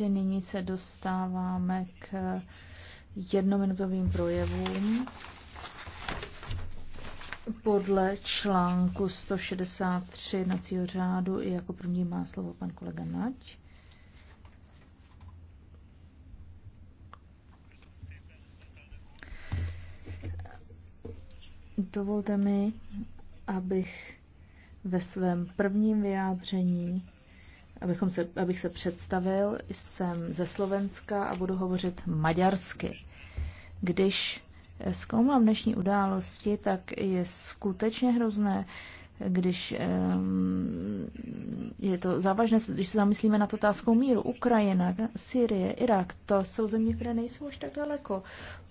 ministři, nyní se dostáváme k jednominutovým projevům podle článku 163 jednacího řádu i jako první má slovo pan kolega Nať. Dovolte mi, abych ve svém prvním vyjádření abychom se, abych se představil, jsem ze Slovenska a budu hovořit maďarsky. Když zkoumám dnešní události, tak je skutečně hrozné, když je to závažné, když se zamyslíme na to, otázkou míru, Ukrajina, Syrie, Irak, to jsou země, které nejsou už tak daleko.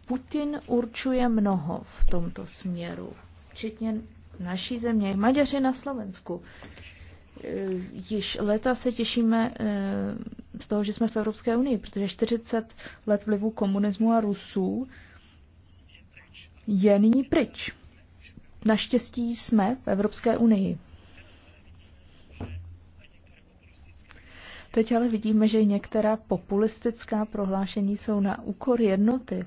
Putin určuje mnoho v tomto směru, včetně naší země, Maďaři na Slovensku. Eh, již léta se těšíme eh, z toho, že jsme v Evropské unii, protože 40 let vlivu komunismu a Rusů je nyní pryč. Naštěstí jsme v Evropské unii. Teď ale vidíme, že některá populistická prohlášení jsou na úkor jednoty.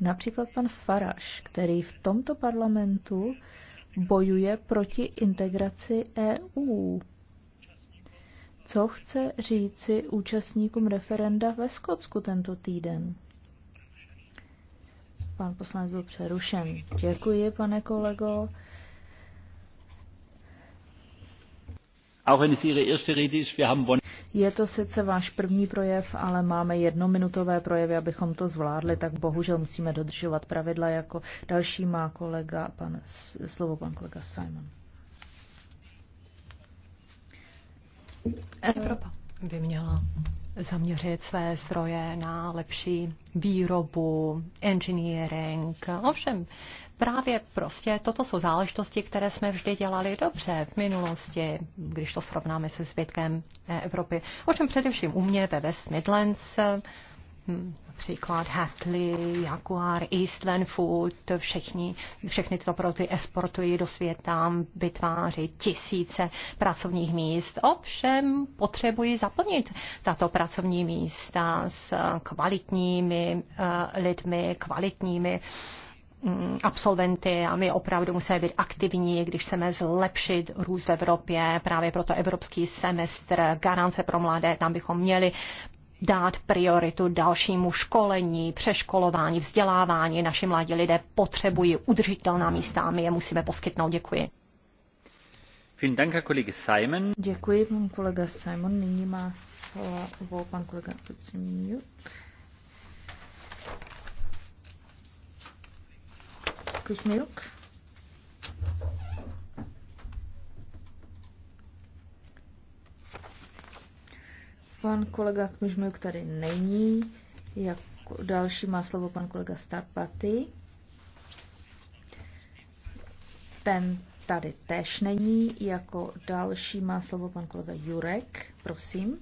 Například pan Faraš, který v tomto parlamentu bojuje proti integraci EU co chce říci účastníkům referenda ve Skotsku tento týden. Pan poslanec byl přerušen. Děkuji, pane kolego. Je to sice váš první projev, ale máme jednominutové projevy, abychom to zvládli, tak bohužel musíme dodržovat pravidla jako další má kolega, pan, slovo pan kolega Simon. Evropa by měla zaměřit své zdroje na lepší výrobu, engineering. Ovšem, právě prostě toto jsou záležitosti, které jsme vždy dělali dobře v minulosti, když to srovnáme se zbytkem Evropy. Ovšem především u mě ve West Midlands Hmm, například Hatley, Jaguar, Eastland Food, všichni, všechny tyto produkty exportují do světa, vytváří tisíce pracovních míst. Ovšem potřebují zaplnit tato pracovní místa s eh, kvalitními eh, lidmi, kvalitními mm, absolventy a my opravdu musíme být aktivní, když chceme zlepšit růst v Evropě. Právě proto evropský semestr, garance pro mladé, tam bychom měli dát prioritu dalšímu školení, přeškolování, vzdělávání. Naši mladí lidé potřebují udržitelná místa a my je musíme poskytnout. Děkuji. Děkuji, pan kolega Simon. Nyní má slovo pan kolega Kocimňuk. Kuzmiuk. Pan kolega Kmižmiuk tady není. Jak další má slovo pan kolega Starpaty. Ten tady též není. Jako další má slovo pan kolega Jurek. Prosím.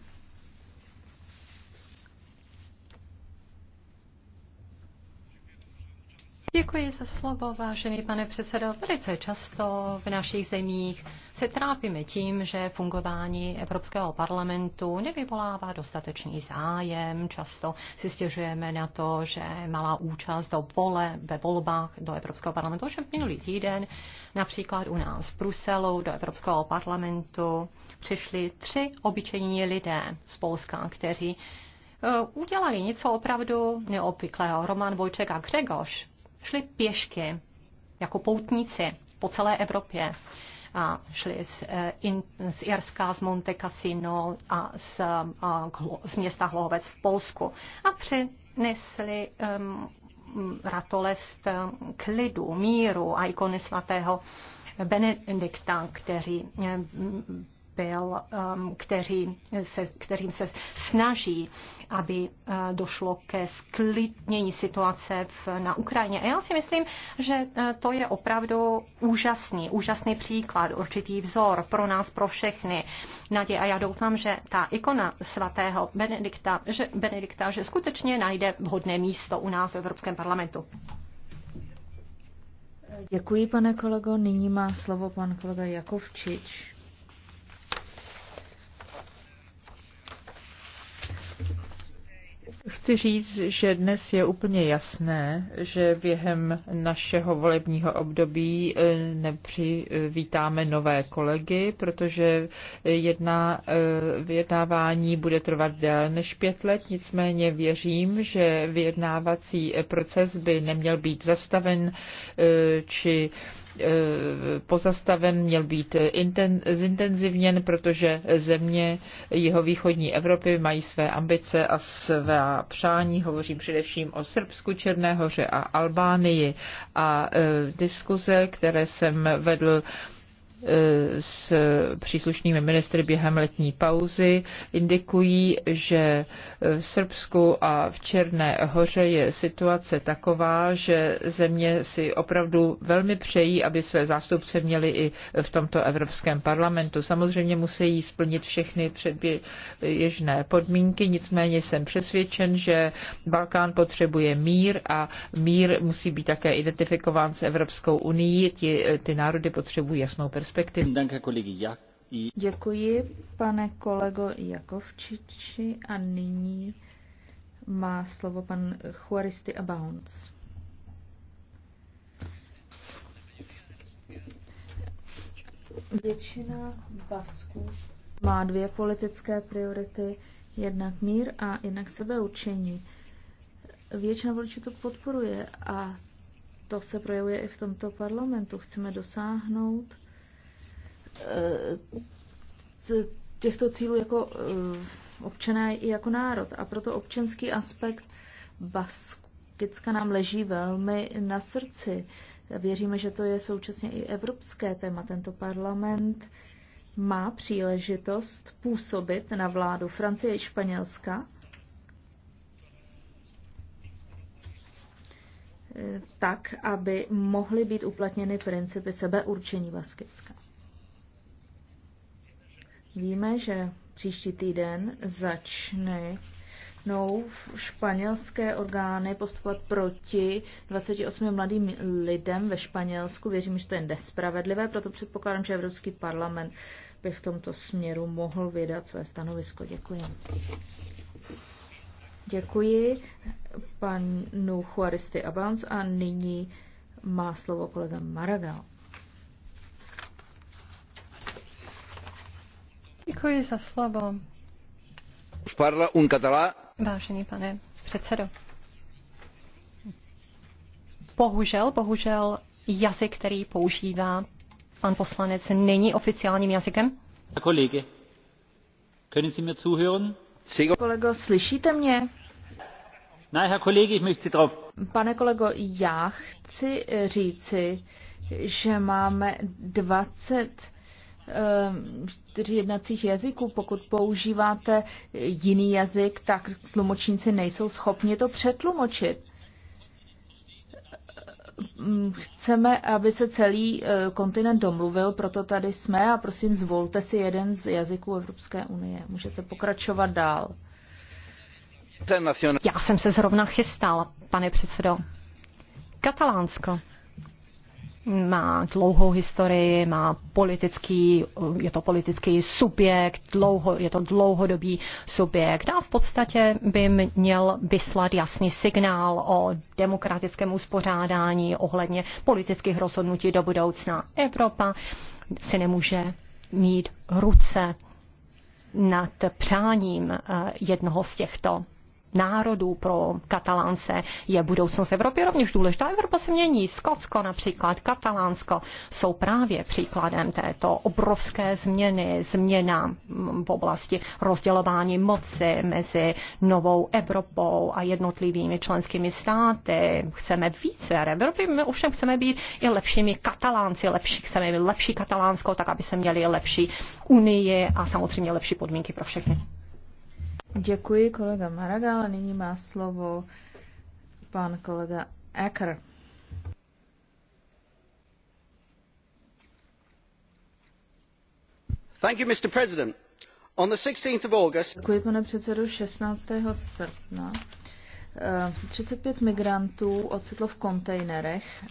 Děkuji za slovo, vážený pane předsedo. Velice často v našich zemích se trápíme tím, že fungování Evropského parlamentu nevyvolává dostatečný zájem. Často si stěžujeme na to, že malá účast do vole, ve volbách do Evropského parlamentu, že minulý týden například u nás v Bruselu do Evropského parlamentu přišli tři obyčejní lidé z Polska, kteří eh, udělali něco opravdu neobvyklého. Roman Vojček a Gregoš, šli pěšky jako poutníci po celé Evropě a šli z, eh, in, z Irska, z Monte Cassino a z, a, eh, z města Hlohovec v Polsku a přinesli um, ratolest k lidu, míru a ikony svatého Benedikta, kteří byl, um, kteří se, kterým se snaží, aby uh, došlo ke sklidnění situace v, na Ukrajině. A já si myslím, že uh, to je opravdu úžasný, úžasný příklad, určitý vzor pro nás, pro všechny. Nadě, a já doufám, že ta ikona svatého Benedikta, že, Benedikta, že skutečně najde vhodné místo u nás v Evropském parlamentu. Děkuji, pane kolego. Nyní má slovo pan kolega Jakovčič. chci říct, že dnes je úplně jasné, že během našeho volebního období eh, nepřivítáme nové kolegy, protože jedna, eh, vyjednávání bude trvat déle než pět let, nicméně věřím, že vyjednávací proces by neměl být zastaven eh, či Eh, pozastaven, měl být inten, zintenzivněn, protože země jeho východní Evropy mají své ambice a své přání. Hovořím především o Srbsku, Černé a Albánii. A eh, diskuze, které jsem vedl, Eh, s příslušnými ministry během letní pauzy indikují, že v Srbsku a v Černé hoře je situace taková, že země si opravdu velmi přejí, aby své zástupce měli i v tomto Evropském parlamentu. Samozřejmě musí splnit všechny předběžné podmínky, nicméně jsem přesvědčen, že Balkán potřebuje mír a mír musí být také identifikován s Evropskou unii. Ty ty národy potřebují jasnou perspektivu perspektiv. Děkuji, pane kolego Jakovčiči, a nyní má slovo pan Juaristy Abounds. Většina Basků má dvě politické priority, jednak mír a jednak sebeučení. Většina voličů to podporuje a to se projevuje i v tomto parlamentu. Chceme dosáhnout Eh, těchto cílů jako eh, občané i jako národ. A proto občanský aspekt Baskicka nám leží velmi na srdci. Věříme, že to je současně i evropské téma. Tento parlament má příležitost působit na vládu Francie i Španělska. Eh, tak, aby mohly být uplatněny principy sebeurčení Baskicka. Víme, že příští týden začne no, španělské orgány postupovat proti 28 mladým lidem ve Španělsku. Věřím, že to je nespravedlivé, proto předpokládám, že Evropský parlament by v tomto směru mohl vydat své stanovisko. Děkuji. Děkuji panu Juaristi Abans a nyní má slovo kolega Maragal. Děkuji za slovo. Vážený pane předsedo. Bohužel, bohužel jazyk, který používá pan poslanec, není oficiálním jazykem. Kolege, können Sie mir zuhören? Kolego, slyšíte mě? Herr ich möchte drauf. Pane kolego, já chci říci, že máme 20 čtyři jednacích jazyků. Pokud používáte jiný jazyk, tak tlumočníci nejsou schopni to přetlumočit. Chceme, aby se celý eh, kontinent domluvil, proto tady jsme a prosím zvolte si jeden z jazyků Evropské unie. Můžete pokračovat dál. Já jsem se zrovna chystal, pane předsedo. Katalánsko má dlouhou historii, má politický, je to politický subjekt, dlouho, je to dlouhodobý subjekt a v podstatě by měl vyslat jasný signál o demokratickém uspořádání ohledně politických rozhodnutí do budoucna. Evropa si nemůže mít ruce nad přáním eh, jednoho z těchto národů, pro Katalánce je budoucnost Evropy rovněž důležitá. Evropa se mění. Skotsko například, Katalánsko jsou právě příkladem této obrovské změny, změna v oblasti rozdělování moci mezi novou Evropou a jednotlivými členskými státy. Chceme více Evropy, my ovšem chceme být i lepšími Katalánci, lepší, chceme být lepší Katalánsko, tak aby se měli lepší unii a samozřejmě lepší podmínky pro všechny. Děkuji kolega ale Nyní má slovo pan kolega Ecker. You, mr president on 16th of august pane předsedo. 16. srpna 35 eh, migrantů ocitlo v kontejnerech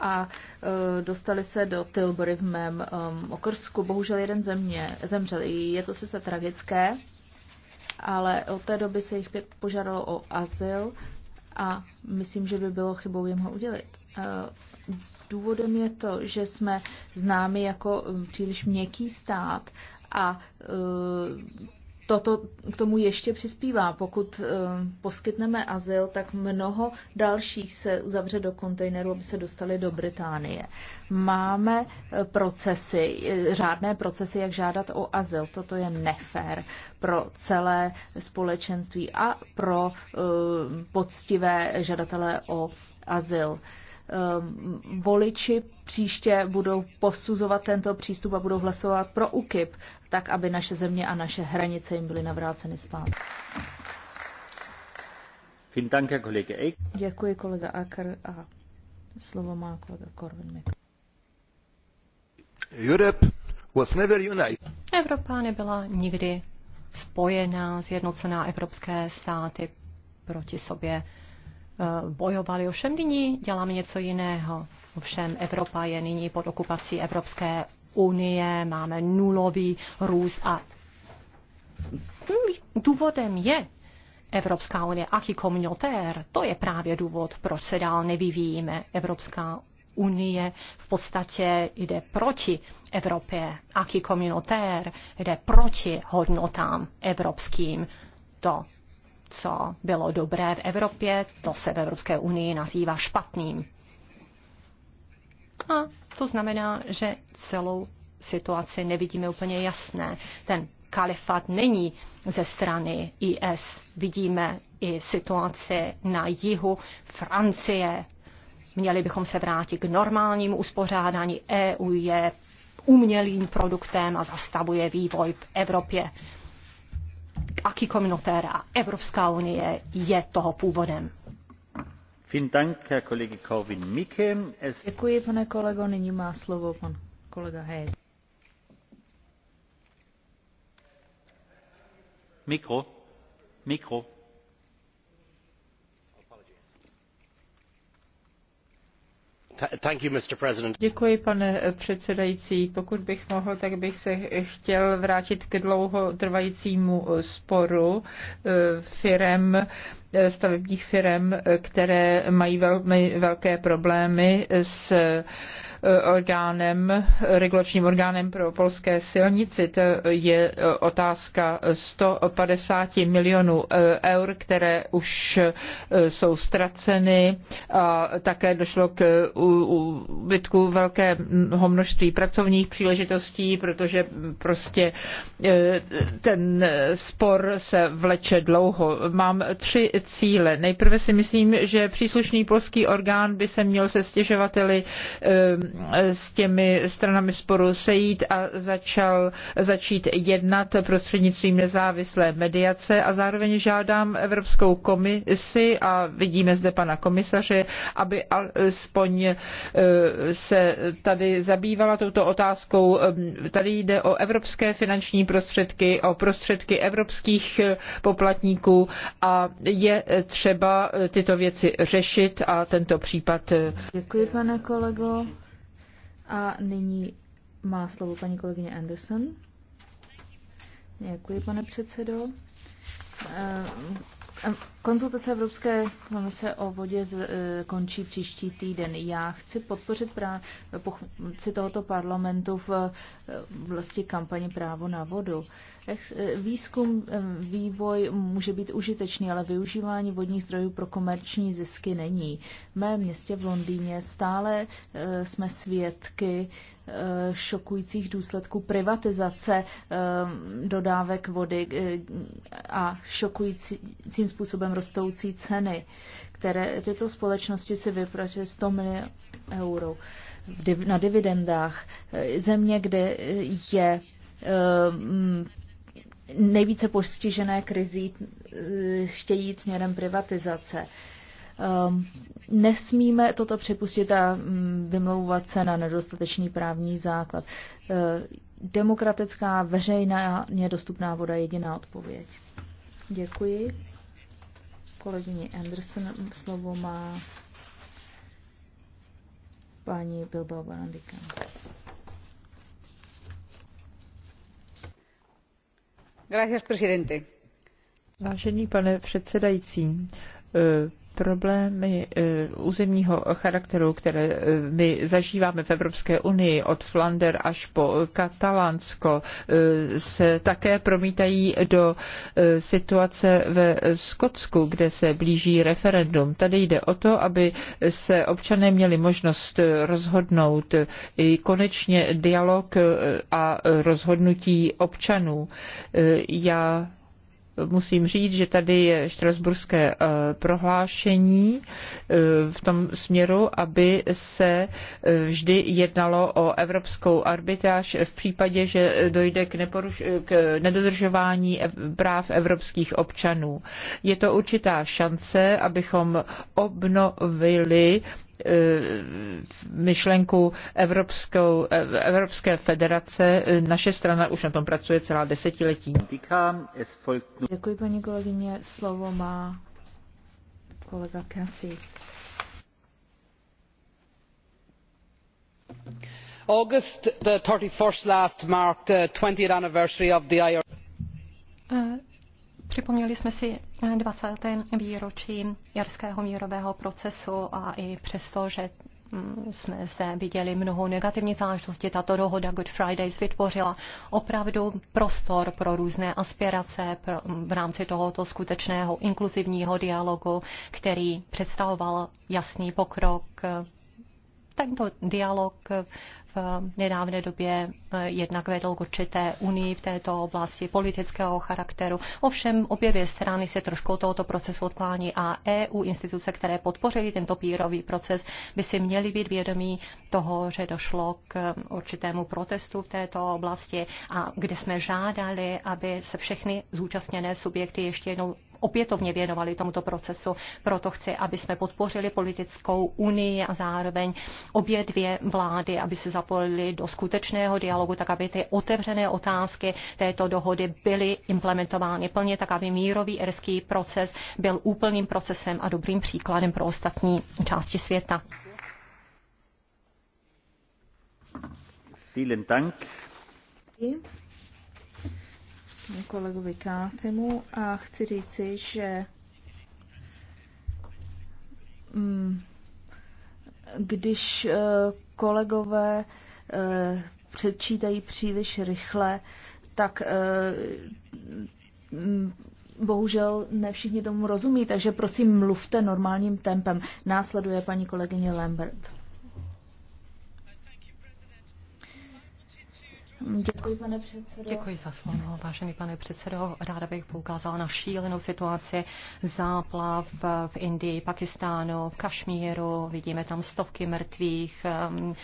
a eh, dostali se do Tilbury v mém ehm, okrsku. Bohužel jeden země zemřel. Je to sice tragické, ale od té doby se jich pět požádalo o azyl a myslím, že by bylo chybou jim ho udělit. Eh, důvodem je to, že jsme známi jako hm, příliš měkký stát a eh, toto k tomu ještě přispívá. Pokud eh, poskytneme azyl, tak mnoho dalších se zavře do kontejneru, aby se dostali do Británie. Máme eh, procesy, eh, řádné procesy, jak žádat o azyl. Toto je nefér pro celé společenství a pro poctivé žadatele o azyl. Ehm, voliči příště budou posuzovat tento přístup a budou hlasovat pro UKIP, tak aby naše země a naše hranice jim byly navráceny zpátky. Děkuji kolega Acker a slovo má kolega Korvin Mikke. Europe was never united. Evropa nebyla nikdy spojená, zjednocená evropské státy proti sobě Eh, bojovali, ovšem nyní děláme něco jiného. Ovšem Evropa je nyní pod okupací Evropské unie, máme nulový růst a důvodem je Evropská unie, aký komunitér, to je právě důvod, proč se dál nevyvíjíme. Evropská unie v podstatě jde proti Evropě, aký komunitér jde proti hodnotám evropským. To co bylo dobré v Evropě, to se v Evropské unii nazývá špatným. A to znamená, že celou situaci nevidíme úplně jasné. Ten kalifát není ze strany IS. Vidíme i situaci na jihu Francie. Měli bychom se vrátit k normálnímu uspořádání. EU je umělým produktem a zastavuje vývoj v Evropě aký komunitér a Evropská unie je toho původem. Děkuji, pane kolego. Nyní má slovo pan kolega Hayes. Mikro. Mikro. Děkuji, pane předsedající. Pokud bych mohl, tak bych se chtěl vrátit k dlouho trvajícímu sporu eh, firem Eh, stavebních firm, eh, které mají velmi velké problémy s eh, orgánem, regulačním orgánem pro polské silnici. To je otázka 150 milionů eur, které už jsou ztraceny a také došlo k úbytku velkého množství pracovních příležitostí, protože prostě ten spor se vleče dlouho. Mám tři cíle. Nejprve si myslím, že příslušný polský orgán by se měl se stěžovateli ehm, s těmi stranami sporu sejít a začal, začít jednat prostřednictvím nezávislé mediace a zároveň žádám Evropskou komisi a vidíme zde pana komisaře, aby alespoň eh, se tady zabývala touto otázkou. Ehm, tady jde o evropské finanční prostředky, o prostředky evropských poplatníků a je třeba eh, tyto věci řešit a tento případ. Eh, Děkuji, pane kolego. A nyní má slovo paní kolegyně Anderson. Děkuji, pane předsedo. Eh, konzultace Evropské komise o vodě z, končí příští týden. Já chci podpořit právě tohoto parlamentu v, v vlasti kampani právo na vodu. E, Eh, výzkum, eh, vývoj může být užitečný, ale využívání vodních zdrojů pro komerční zisky není. V mém městě v Londýně stále eh, jsme svědky šokujících důsledků privatizace dodávek vody a šokujícím způsobem rostoucí ceny, které tyto společnosti si vypracují 100 milionů euro na dividendách. Země, kde je nejvíce postižené krizí eh, chtějí jít směrem privatizace. Ehm, nesmíme toto připustit a mm, vymlouvat se na nedostatečný právní základ. Eh, demokratická, veřejná, nedostupná voda je jediná odpověď. Děkuji. Kolegyně Anderson slovo má paní Bilbao Barandika. pane předsedající, eh, problémy eh, územního charakteru, které eh, my zažíváme v Evropské unii od Flander až po Katalánsko, eh, se také promítají do situace ve Skotsku, kde se blíží referendum. Tady jde o to, aby se občané měli možnost rozhodnout i konečně dialog a rozhodnutí občanů. Já musím říct, že tady je štrasburské eh, prohlášení eh, v tom směru, aby se eh, vždy jednalo o evropskou arbitráž v případě, že dojde k, neporuš- k nedodržování práv evropských občanů. Je to určitá šance, abychom obnovili Eh, myšlenku Evropskou, eh, Evropské federace. Naše strana už na tom pracuje celá desetiletí. Děkuji, paní kolegyně. Slovo má kolega Kasi. August the 31st last marked the 20th anniversary of the IRA. Připomněli jsme si 20. výročí jarského mírového procesu a i přesto, že mm, jsme zde viděli mnoho negativních záležitostí. Tato dohoda Good Fridays vytvořila opravdu prostor pro různé aspirace pro, v rámci tohoto skutečného inkluzivního dialogu, který představoval jasný pokrok tento dialog v nedávné době eh, jednak vedl k určité unii v této oblasti politického charakteru. Ovšem obě dvě strany se trošku tohoto procesu odklání a EU instituce, které podpořily tento pírový proces, by si měly být vědomí toho, že došlo k eh, určitému protestu v této oblasti a kde jsme žádali, aby se všechny zúčastněné subjekty ještě jednou opětovně věnovali tomuto procesu. Proto chci, aby jsme podpořili politickou unii a zároveň obě dvě vlády, aby se zapojili do skutečného dialogu, tak aby ty otevřené otázky této dohody byly implementovány plně, tak aby mírový erský proces byl úplným procesem a dobrým příkladem pro ostatní části světa. Vielen Dank kolegovi Kásimu a chci říci, že mm, když eh, kolegové eh, předčítají příliš rychle, tak eh, mm, bohužel ne všichni tomu rozumí, takže prosím mluvte normálním tempem. Následuje paní kolegyně Lambert. Děkuji, pane předsedo. Děkuji za slovo, vážený pane předsedo. Ráda bych poukázala na šílenou situaci záplav v Indii, Pakistánu, v Kašmíru. Vidíme tam stovky mrtvých. Um,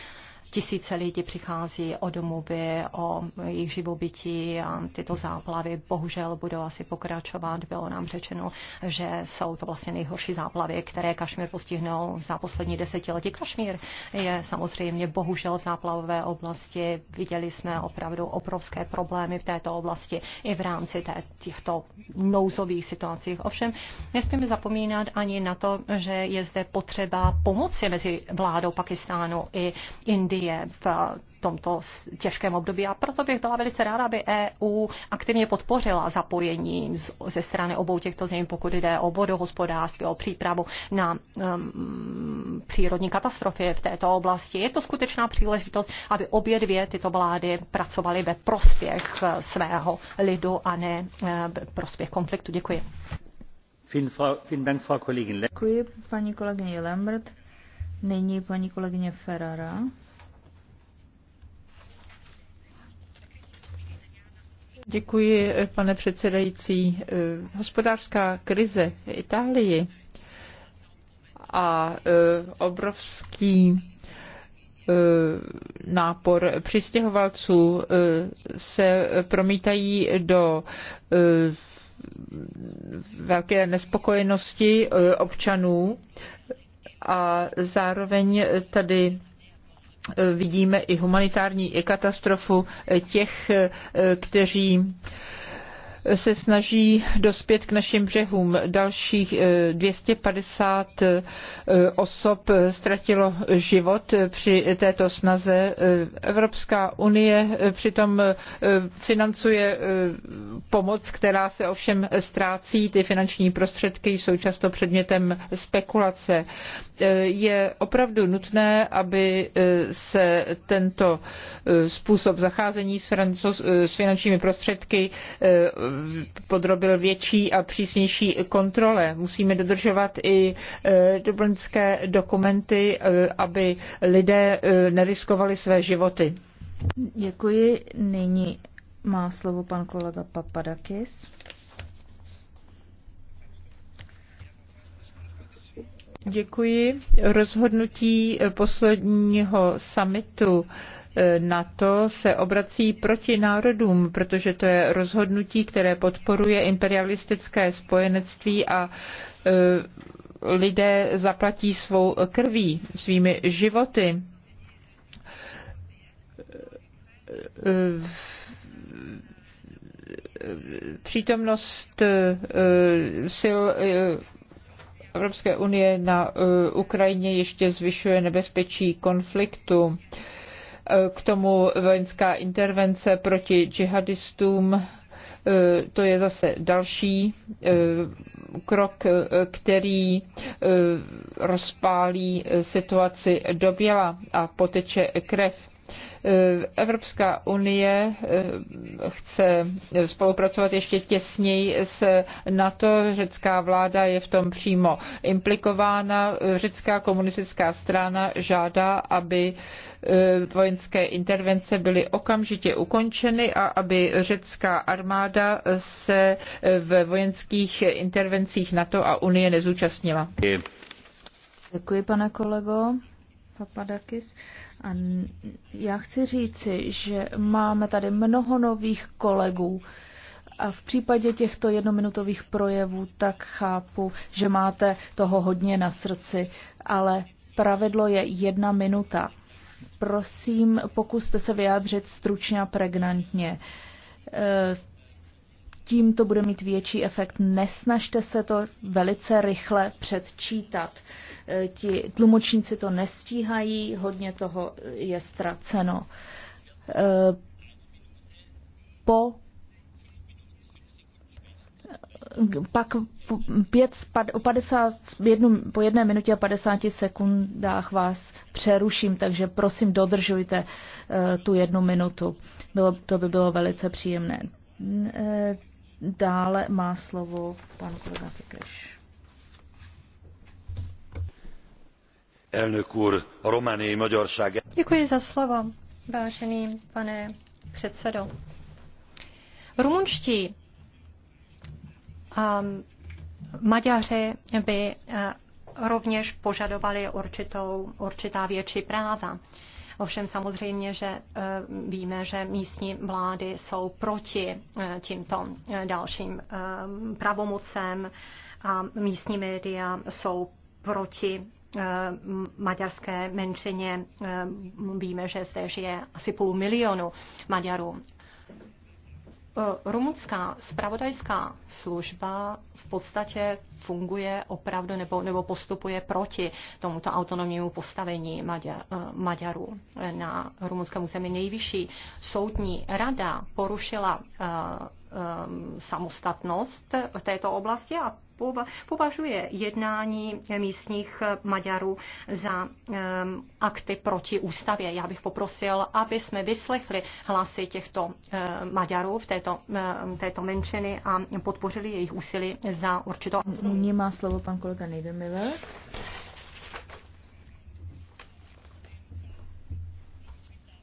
tisíce lidí přichází o domovy, o jejich živobytí a tyto záplavy bohužel budou asi pokračovat. Bylo nám řečeno, že jsou to vlastně nejhorší záplavy, které Kašmír postihnou za poslední desetiletí. Kašmír je samozřejmě bohužel v záplavové oblasti. Viděli jsme opravdu obrovské problémy v této oblasti i v rámci té, těchto nouzových situací. Ovšem nesmíme zapomínat ani na to, že je zde potřeba pomoci mezi vládou Pakistánu i Indii Unie v tomto těžkém období. A proto bych byla velice ráda, aby EU aktivně podpořila zapojení z, ze strany obou těchto zemí, pokud jde o vodohospodářství, o přípravu na um, přírodní katastrofy v této oblasti. Je to skutečná příležitost, aby obě dvě tyto vlády pracovaly ve prospěch eh, svého lidu a ne eh, ve prospěch konfliktu. Děkuji. Děkuji paní kolegyně Lambert. Nyní paní kolegyně Ferrara. Děkuji, pane předsedající. Hospodářská krize v Itálii a e, obrovský e, nápor přistěhovalců e, se promítají do velké nespokojenosti občanů a zároveň tady vidíme i humanitární katastrofu těch, eh, kteří se snaží dospět k našim břehům. Dalších 250 eh, eh, osob ztratilo život při této snaze. Eh, Evropská unie přitom financuje pomoc, která se ovšem ztrácí. Ty finanční prostředky jsou často předmětem spekulace. Je opravdu nutné, aby se tento způsob zacházení s, finančními prostředky podrobil větší a přísnější kontrole. Musíme dodržovat i e, dublinské dokumenty, e, aby lidé e, neriskovali své životy. Děkuji. Nyní má slovo pan kolega Papadakis. Děkuji. Rozhodnutí posledního summitu NATO se obrací proti národům, protože to je rozhodnutí, které podporuje imperialistické spojenectví a e, lidé zaplatí svou krví, svými životy přítomnost e, sil e, Evropské unie na Ukrajině ještě zvyšuje nebezpečí konfliktu k tomu vojenská intervence proti džihadistům, e, to je zase další e, krok, e, který rozpálí situaci do běla a poteče krev. Eh, Evropská unie eh, chce spolupracovat ještě těsněji s NATO. Řecká vláda je v tom přímo implikována. Řecká komunistická strana žádá, aby eh, vojenské intervence byly okamžitě ukončeny a aby řecká armáda se v vojenských intervencích NATO a Unie nezúčastnila. Děkuji, pane kolego Papadakis. A já chci říci, že máme tady mnoho nových kolegů a v případě těchto jednominutových projevů tak chápu, že máte toho hodně na srdci, ale pravidlo je jedna minuta. Prosím, pokuste se vyjádřit stručně a pregnantně e, tím to bude mít větší efekt. Nesnažte se to velice rychle předčítat. E, ti tlumočníci to nestíhají, hodně toho je ztraceno. E, po pak pět, o 50, jednu, po jedné minutě a 50 sekundách vás přeruším, takže prosím dodržujte e, tu jednu minutu. Bylo, to by bylo velice příjemné Dále má slovo pan kolega Tikeš. Elnök úr, a magyarság... Děkuji za slovo, vážený pane předsedo. Rumunští a um, Maďaři by uh, rovněž požadovali určitou, určitá větší práva. Ovšem samozřejmě, že eh, víme, že místní vlády jsou proti eh, tímto eh, dalším pravomocem a místní média jsou proti maďarské menšině. Víme, že zde žije asi půl milionu Maďarů E, rumunská spravodajská služba v podstatě funguje opravdu nebo, nebo postupuje proti tomuto autonomnímu postavení Maďa, e, Maďarů. Na rumunském území nejvyšší soudní rada porušila e, samostatnost v této oblasti a považuje jednání místních Maďarů za eh, akty proti ústavě. Já bych poprosil, aby jsme vyslechli hlasy těchto eh, Maďarů v této, eh, této menšiny a podpořili jejich úsilí za určitou. Nyní má slovo pan kolega Nejdemiller.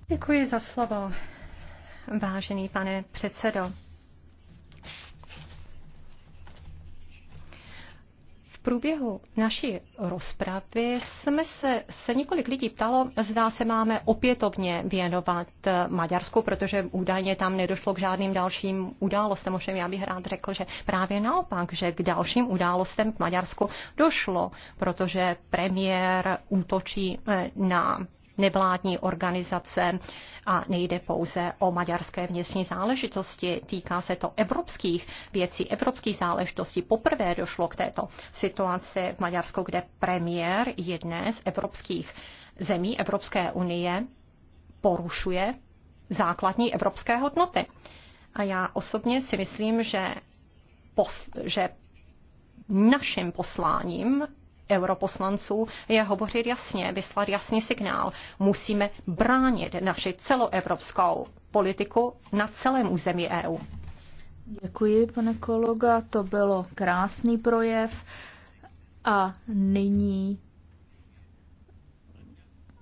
Děkuji za slovo, vážený pane předsedo. průběhu naší rozpravy jsme se, se několik lidí ptalo, zdá se máme opětovně věnovat Maďarsku, protože údajně tam nedošlo k žádným dalším událostem. Ovšem já bych rád řekl, že právě naopak, že k dalším událostem v Maďarsku došlo, protože premiér útočí eh, na nevládní organizace a nejde pouze o maďarské vnitřní záležitosti, týká se to evropských věcí, evropských záležitostí. Poprvé došlo k této situaci v Maďarsku, kde premiér jedné z evropských zemí Evropské unie porušuje základní evropské hodnoty. A já osobně si myslím, že, pos, že naším posláním europoslanců je hovořit jasně, vyslat jasný signál. Musíme bránit naši celoevropskou politiku na celém území EU. Děkuji, pane kolega, to bylo krásný projev. A nyní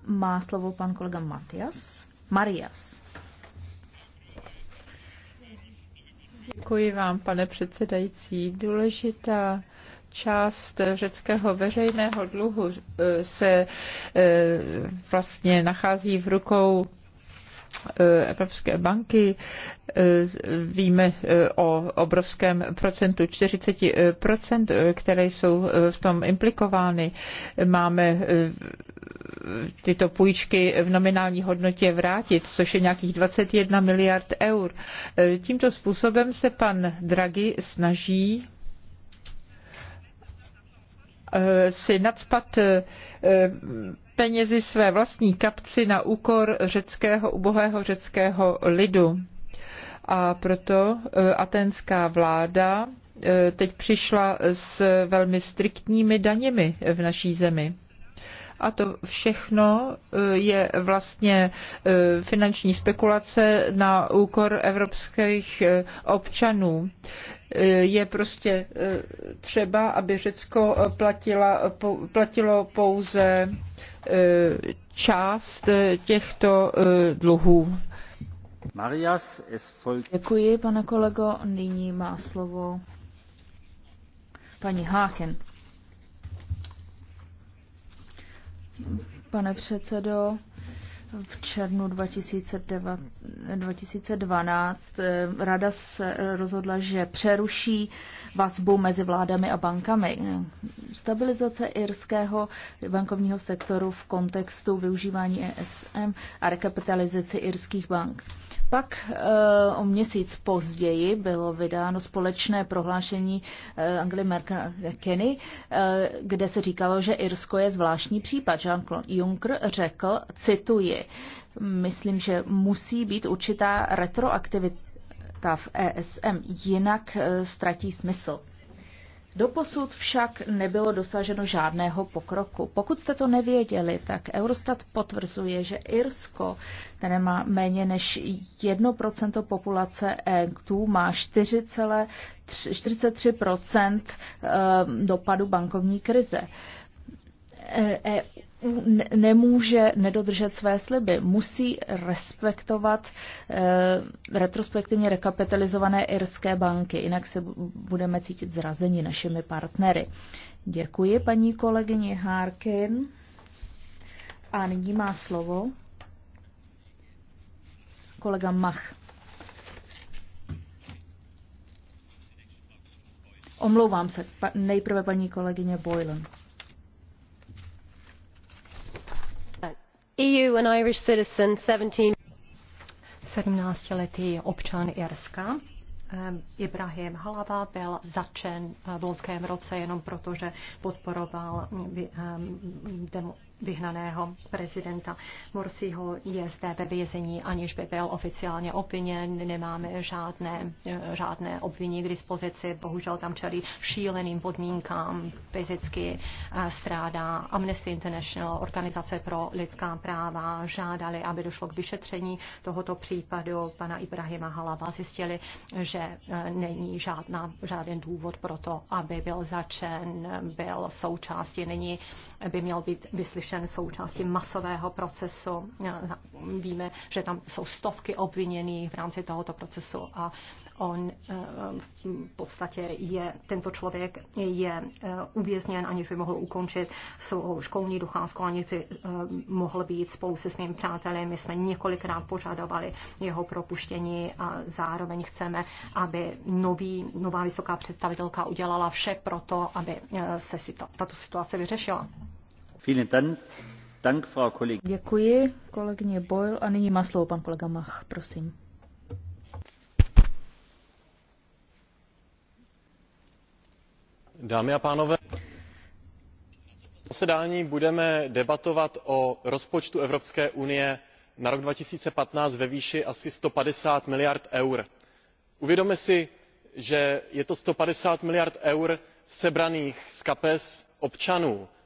má slovo pan kolega Matias. Marias. Děkuji vám, pane předsedající. Důležitá část řeckého veřejného dluhu eh, se eh, vlastně nachází v rukou eh, Evropské banky. Víme o obrovském procentu, 40%, které jsou v tom implikovány. Máme tyto půjčky v nominální hodnotě vrátit, což je nějakých 21 miliard eur. Tímto způsobem se pan Draghi snaží Eh, si nadspat eh, penězi své vlastní kapci na úkor řeckého, ubohého řeckého lidu. A proto eh, atenská vláda teď přišla s velmi striktními daněmi v naší zemi. A to všechno je vlastně finanční spekulace na úkor evropských občanů. Je prostě eh, třeba, aby Řecko eh, platila, platilo pouze eh, část těchto dluhů. Marias, es Děkuji, pane kolego. Nyní má slovo paní Háken. Pane předsedo, v červnu 2012 eh, rada se rozhodla, že přeruší vazbu mezi vládami a bankami. Stabilizace irského bankovního sektoru v kontextu využívání ESM a rekapitalizace irských bank. Pak eh, o měsíc později bylo vydáno společné prohlášení eh, Angely Merkel Kenny, eh, kde se říkalo, že Irsko je zvláštní případ. Jean-Claude Juncker řekl, cituji, myslím, že musí být určitá retroaktivita v ESM, jinak ztratí smysl. Doposud však nebylo dosaženo žádného pokroku. Pokud jste to nevěděli, tak Eurostat potvrzuje, že Irsko, které má méně než 1% populace EU, má 4,43% eh, dopadu bankovní krize. E, e nemůže nedodržet své sliby. Musí respektovat eh, retrospektivně rekapitalizované irské banky, jinak se budeme cítit zrazeni našimi partnery. Děkuji paní kolegyni Harkin. A nyní má slovo kolega Mach. Omlouvám se, nejprve paní kolegyně Boylan. EU and Irish citizen 17 17-letý občan Irska eh, Ibrahim Halava byl začen v loňském roce jenom proto, že podporoval eh, demo, vyhnaného prezidenta Morsiho je zde ve vězení, aniž by byl oficiálně obviněn. Nemáme žádné, žádné obviní k dispozici. Bohužel tam čelí šíleným podmínkám. Fyzicky eh, strádá Amnesty International, Organizace pro lidská práva, žádali, aby došlo k vyšetření tohoto případu pana Ibrahima Halava. Zjistili, že eh, není žádná, žádný důvod pro to, aby byl začen, byl součástí, není, by měl být vyslyšen ovšem součástí masového procesu. Víme, že tam jsou stovky obviněných v rámci tohoto procesu a on eh, v podstatě je, tento člověk je eh, uvězněn, aniž by mohl ukončit svou školní docházku, aniž by eh, mohl být spolu se svým přáteli. My jsme několikrát požadovali jeho propuštění a zároveň chceme, aby nový, nová vysoká představitelka udělala vše pro to, aby se si tato situace vyřešila. Děkuji kolegyně Boyle a nyní má slovo pan kolega Mach, prosím. Dámy a pánové, zasedání budeme debatovat o rozpočtu Evropské unie na rok 2015 ve výši asi 150 miliard eur. Uvědomme si, že je to 150 miliard eur sebraných z kapes občanů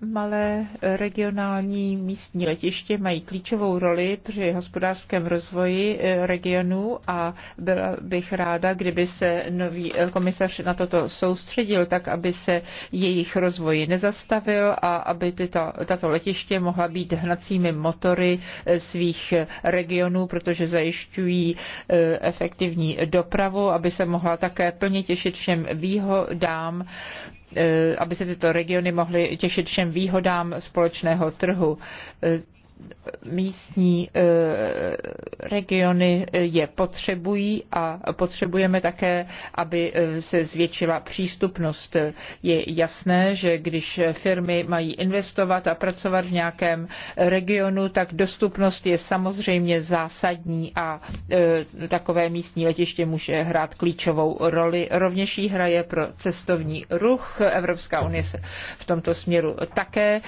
Malé regionální místní letiště mají klíčovou roli při hospodářském rozvoji eh, regionu a byla bych ráda, kdyby se nový eh, komisař na toto soustředil, tak aby se jejich rozvoj nezastavil a aby tyto, tato letiště mohla být hnacími motory eh, svých regionů, protože zajišťují efektivní dopravu, aby se mohla také plně těšit všem výhodám Eh, aby se tyto regiony mohly těšit všem výhodám společného trhu. Eh, místní eh, regiony eh, je potřebují a potřebujeme také, aby eh, se zvětšila přístupnost. Je jasné, že když firmy mají investovat a pracovat v nějakém regionu, tak dostupnost je samozřejmě zásadní a takové místní letiště může hrát klíčovou roli. Rovněž ji hraje pro cestovní ruch. Evropská unie se v tomto směru také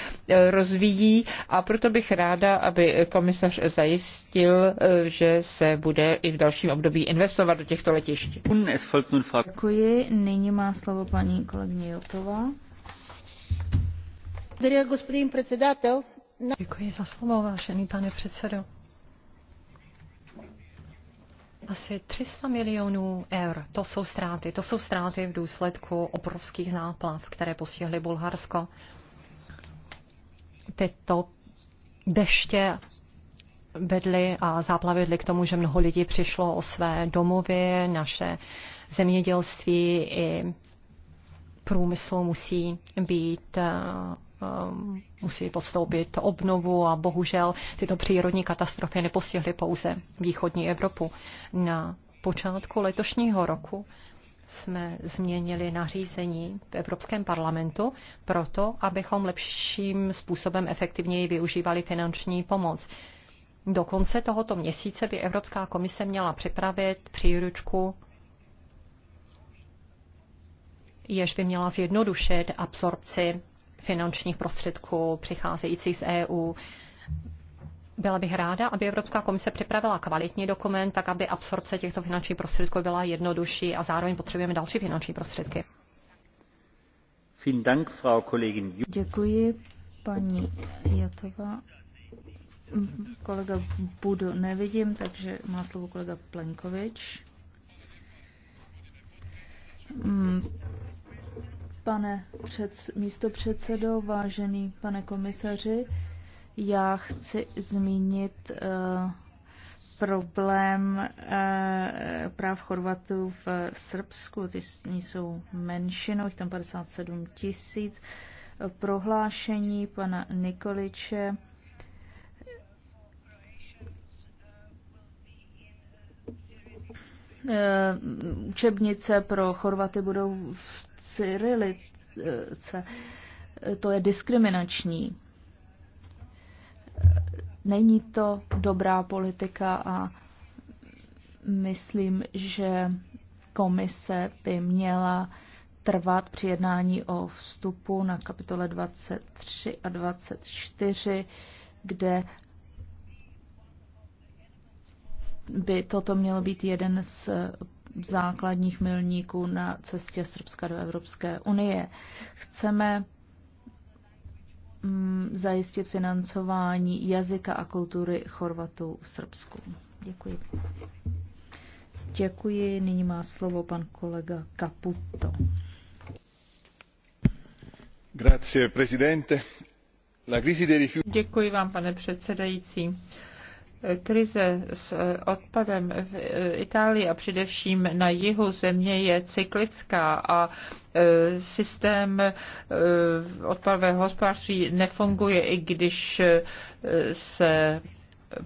rozvíjí a proto bych rád ráda, aby komisař zajistil, eh, že se bude i v dalším období investovat do těchto letišť. Děkuji. Nyní má slovo paní kolegyně Jotová. Děkuji za slovo, vážený pane předsedo. Asi 300 milionů eur, to jsou ztráty. To jsou ztráty v důsledku obrovských záplav, které postihly Bulharsko. Tyto deště vedly a záplavy vedly k tomu, že mnoho lidí přišlo o své domovy, naše zemědělství i průmysl musí být eh, eh, musí podstoupit obnovu a bohužel tyto přírodní katastrofy nepostihly pouze východní Evropu. Na počátku letošního roku jsme změnili nařízení v Evropském parlamentu proto, abychom lepším způsobem efektivněji využívali finanční pomoc. Do konce tohoto měsíce by Evropská komise měla připravit příručku, jež by měla zjednodušit absorpci finančních prostředků přicházejících z EU byla bych ráda, aby Evropská komise připravila kvalitní dokument, tak aby absorpce těchto finančních prostředků byla jednodušší a zároveň potřebujeme další finanční prostředky. Děkuji, paní Jatová. Kolega Budu nevidím, takže má slovo kolega Plenkovič. Mm, pane před, místo předsedo, vážený pane komisaři, já chci zmínit uh, problém uh, práv Chorvatů v Srbsku. Ty jsou menšinou, jich tam 57 tisíc. Prohlášení pana Nikoliče. Eh, učebnice pro Chorvaty budou v Cyrilice. To je diskriminační. Není to dobrá politika a myslím, že komise by měla trvat při jednání o vstupu na kapitole 23 a 24, kde by toto mělo být jeden z základních milníků na cestě Srbska do Evropské unie. Chceme Mm, zajistit financování jazyka a kultury Chorvatů v Srbsku. Děkuji. Děkuji. Nyní má slovo pan kolega Caputo. Grazie, presidente. La crisi dei rifiuti... Děkuji vám, pane předsedající Krize s eh, odpadem v eh, Itálii a především na jihu země je cyklická a eh, systém odpadového hospodářství nefunguje, i když se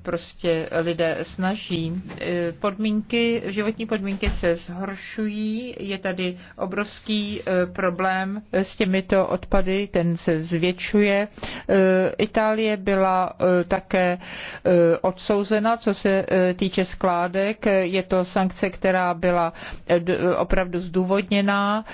prostě lidé snaží. E, podmínky, životní podmínky se zhoršují, je tady obrovský e, problém s těmito odpady, ten se zvětšuje. E, Itálie byla také odsouzena, co se týče skládek. Je to sankce, která byla opravdu zdůvodněná.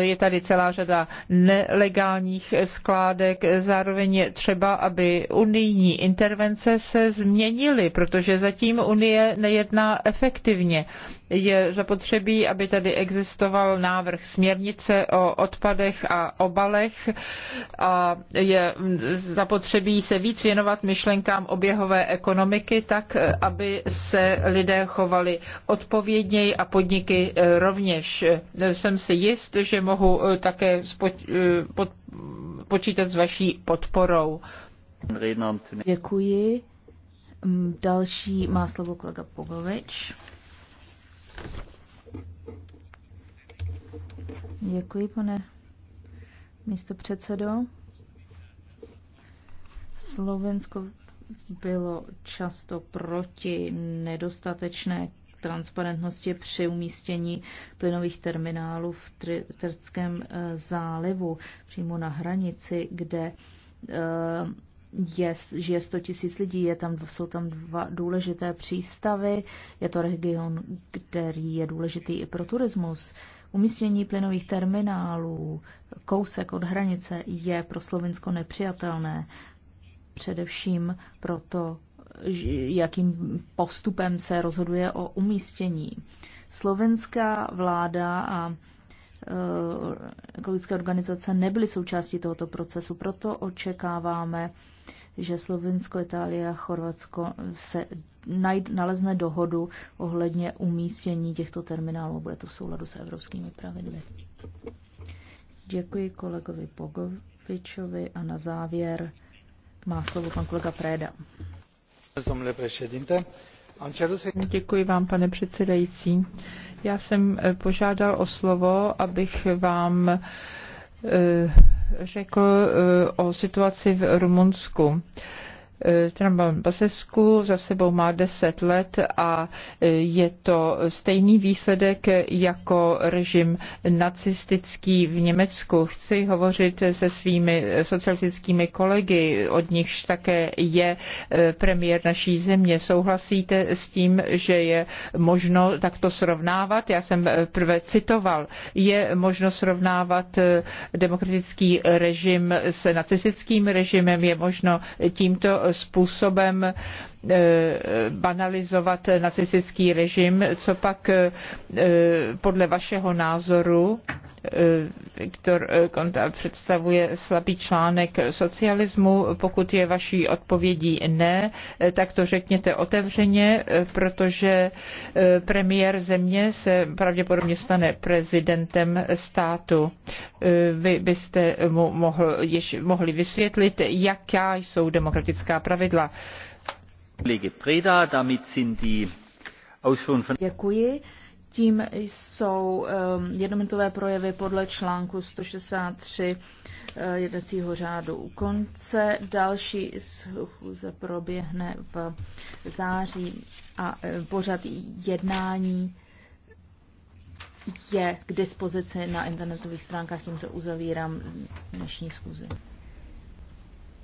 Je tady celá řada nelegálních skládek. Zároveň je třeba, aby unijní intervence se změnila, změnily, protože zatím Unie nejedná efektivně. Je zapotřebí, aby tady existoval návrh směrnice o odpadech a obalech a je zapotřebí se víc věnovat myšlenkám oběhové ekonomiky tak, aby se lidé chovali odpovědněji a podniky eh, rovněž. Jsem si jist, že mohu eh, také eh, počítat s vaší podporou. Děkuji. Mm, další má slovo kolega Pogovič. Děkuji, pane místo předsedo. Slovensko bylo často proti nedostatečné transparentnosti při umístění plynových terminálů v Trtském eh, zálivu, přímo na hranici, kde eh, je, žije 100 tisíc lidí, je tam, jsou tam dva důležité přístavy, je to region, který je důležitý i pro turismus. Umístění plynových terminálů, kousek od hranice je pro Slovinsko nepřijatelné, především proto, jakým postupem se rozhoduje o umístění. Slovenská vláda a eh, ekologické organizace nebyly součástí tohoto procesu, proto očekáváme že Slovensko, Itálie a Chorvatsko se najd, nalezne dohodu ohledně umístění těchto terminálů. Bude to v souladu s evropskými pravidly. Děkuji kolegovi Pogovičovi a na závěr má slovo pan kolega Préda. Děkuji vám, pane předsedající. Já jsem eh, požádal o slovo, abych vám eh, řekl eh, o situaci v Rumunsku. Eh, Trambon Basesku za sebou má 10 let a eh, je to stejný výsledek jako režim nacistický v Německu. Chci hovořit se svými socialistickými kolegy, od nichž také je eh, premiér naší země. Souhlasíte s tím, že je možno takto srovnávat? Já jsem prvé citoval. Je možno srovnávat demokratický režim s nacistickým režimem, je možno tímto způsobem eh, banalizovat nacistický režim, co pak eh, podle vašeho názoru Eh, Viktor eh, Konta představuje slabý článek socialismu. Pokud je vaší odpovědí ne, eh, tak to řekněte otevřeně, protože premiér země se pravděpodobně stane prezidentem státu. Vy byste mu mohl, jež, mohli vysvětlit, jaká jsou demokratická pravidla. Děkuji. Tím jsou um, jednominutové projevy podle článku 163 uh, jednacího řádu u konce. Další schůze proběhne v září a uh, pořad jednání je k dispozici na internetových stránkách. Tímto uzavírám dnešní schůzi.